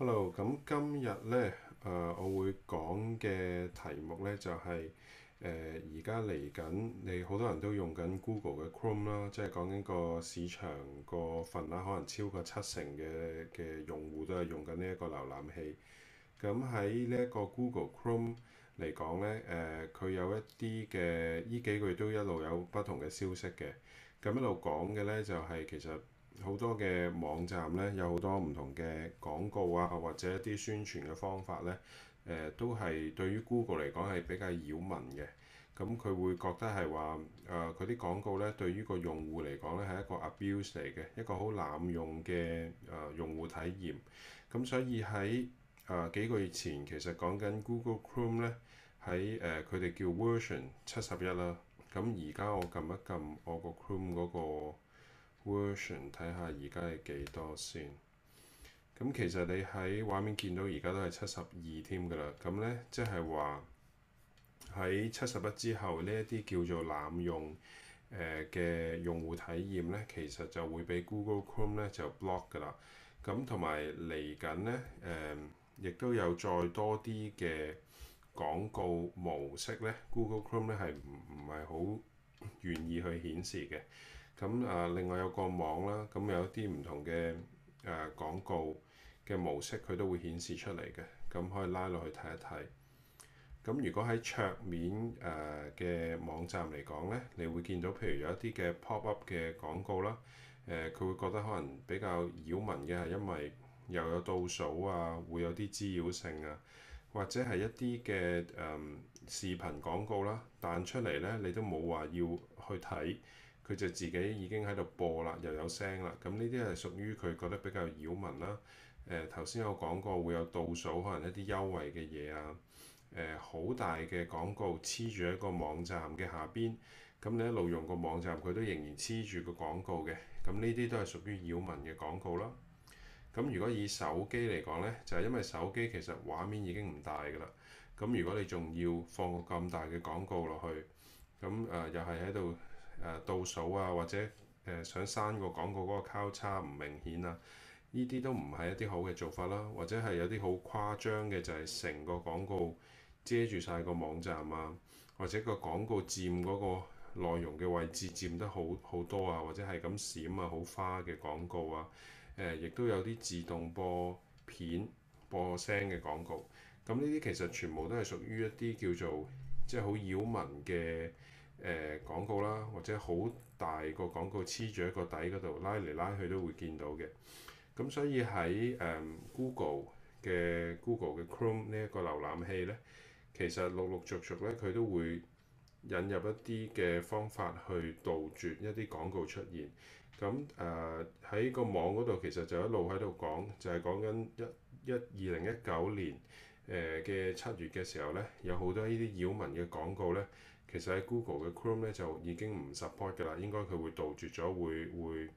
Hello，咁今日咧，誒、呃、我會講嘅題目咧就係誒而家嚟緊，你好多人都用緊 Google 嘅 Chrome 啦，即係講緊個市場個份額可能超過七成嘅嘅用戶都係用緊呢一個瀏覽器。咁喺呢一個 Google Chrome 嚟講咧，誒、呃、佢有一啲嘅呢幾個月都一路有不同嘅消息嘅，咁一路講嘅咧就係、是、其實。好多嘅網站咧，有好多唔同嘅廣告啊，或者一啲宣傳嘅方法咧，誒都係對於 Google 嚟講係比較擾民嘅。咁佢會覺得係話誒佢啲廣告咧對於個用戶嚟講咧係一個 abuse 嚟嘅，一個好濫用嘅誒用戶體驗。咁所以喺誒幾個月前，其實講緊 Google Chrome 咧喺誒佢哋叫 Version 七十一啦。咁而家我撳一撳我個 Chrome 嗰個。v e r 睇下而家係幾多先？咁其實你喺畫面見到而家都係七十二添㗎啦。咁咧，即係話喺七十一之後，呢一啲叫做濫用誒嘅、呃、用戶體驗咧，其實就會畀 Google Chrome 咧就 block 噶啦。咁同埋嚟緊咧誒，亦、呃、都有再多啲嘅廣告模式咧，Google Chrome 咧係唔唔係好？是願意去顯示嘅，咁啊另外有個網啦，咁、啊、有一啲唔同嘅誒、啊、廣告嘅模式，佢都會顯示出嚟嘅，咁可以拉落去睇一睇。咁如果喺桌面誒嘅、啊、網站嚟講呢，你會見到譬如有一啲嘅 pop-up 嘅廣告啦，佢、啊、會覺得可能比較擾民嘅係因為又有倒數啊，會有啲滋擾性啊。或者係一啲嘅誒視頻廣告啦，彈出嚟咧你都冇話要去睇，佢就自己已經喺度播啦，又有聲啦。咁呢啲係屬於佢覺得比較擾民啦。誒頭先有講過會有倒數，可能一啲優惠嘅嘢啊，誒、呃、好大嘅廣告黐住喺個網站嘅下邊，咁你一路用個網站佢都仍然黐住個廣告嘅，咁呢啲都係屬於擾民嘅廣告啦。咁如果以手機嚟講呢，就係、是、因為手機其實畫面已經唔大㗎啦。咁如果你仲要放個咁大嘅廣告落去，咁誒、呃、又係喺度倒數啊，或者誒、呃、想刪個廣告嗰個交叉唔明顯啊，呢啲都唔係一啲好嘅做法啦。或者係有啲好誇張嘅，就係、是、成個廣告遮住晒個網站啊，或者個廣告佔嗰個內容嘅位置佔得好好多啊，或者係咁閃啊好花嘅廣告啊。誒，亦都有啲自動播片播聲嘅廣告，咁呢啲其實全部都係屬於一啲叫做即係好擾民嘅誒廣告啦，或者好大個廣告黐住一個底嗰度拉嚟拉去都會見到嘅。咁所以喺誒、嗯、Google 嘅 Google 嘅 Chrome 呢一個瀏覽器咧，其實陸陸續續咧佢都會，引入一啲嘅方法去杜絕一啲廣告出現。咁誒喺個網嗰度其實就一路喺度講，就係講緊一一二零一九年誒嘅七月嘅時候咧，有好多呢啲擾民嘅廣告咧，其實喺 Google 嘅 Chrome 咧就已經唔 support 㗎啦，應該佢會杜絕咗，會會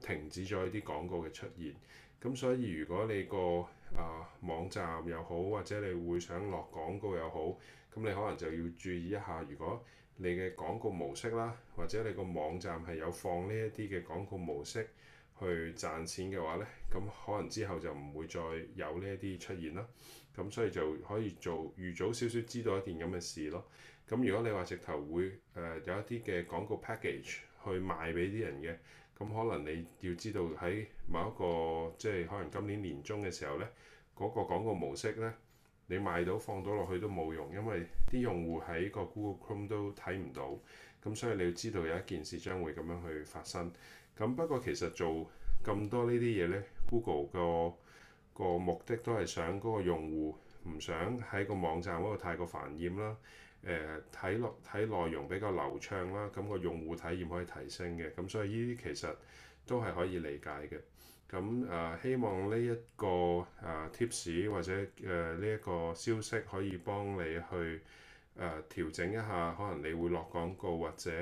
停止咗呢啲廣告嘅出現。咁所以如果你個啊、呃、網站又好，或者你會想落廣告又好。咁你可能就要注意一下，如果你嘅廣告模式啦，或者你個網站係有放呢一啲嘅廣告模式去賺錢嘅話咧，咁可能之後就唔會再有呢一啲出現啦。咁所以就可以做預早少少知道一件咁嘅事咯。咁如果你話直頭會誒有一啲嘅廣告 package 去賣俾啲人嘅，咁可能你要知道喺某一個即係可能今年年中嘅時候咧，嗰個廣告模式咧。你賣到放到落去都冇用，因為啲用戶喺個 Google Chrome 都睇唔到，咁所以你要知道有一件事將會咁樣去發生。咁不過其實做咁多呢啲嘢呢 Google 個、個目的都係想嗰個用戶唔想喺個網站嗰度太過煩厭啦。誒、呃，睇內睇內容比較流暢啦，咁、個用戶體驗可以提升嘅。咁所以呢啲其實都係可以理解嘅。咁誒、呃、希望呢、這、一個誒 tips、呃、或者誒呢一個消息可以幫你去誒、呃、調整一下，可能你會落廣告或者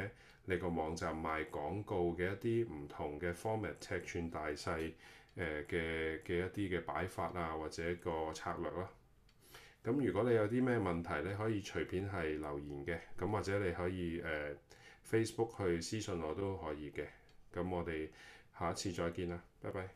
你個網站賣廣告嘅一啲唔同嘅 format 尺寸大細誒嘅嘅一啲嘅擺法啊，或者個策略咯、啊。咁如果你有啲咩問題你可以隨便係留言嘅，咁或者你可以誒、呃、Facebook 去私信我都可以嘅。咁我哋。下次再見啦，拜拜。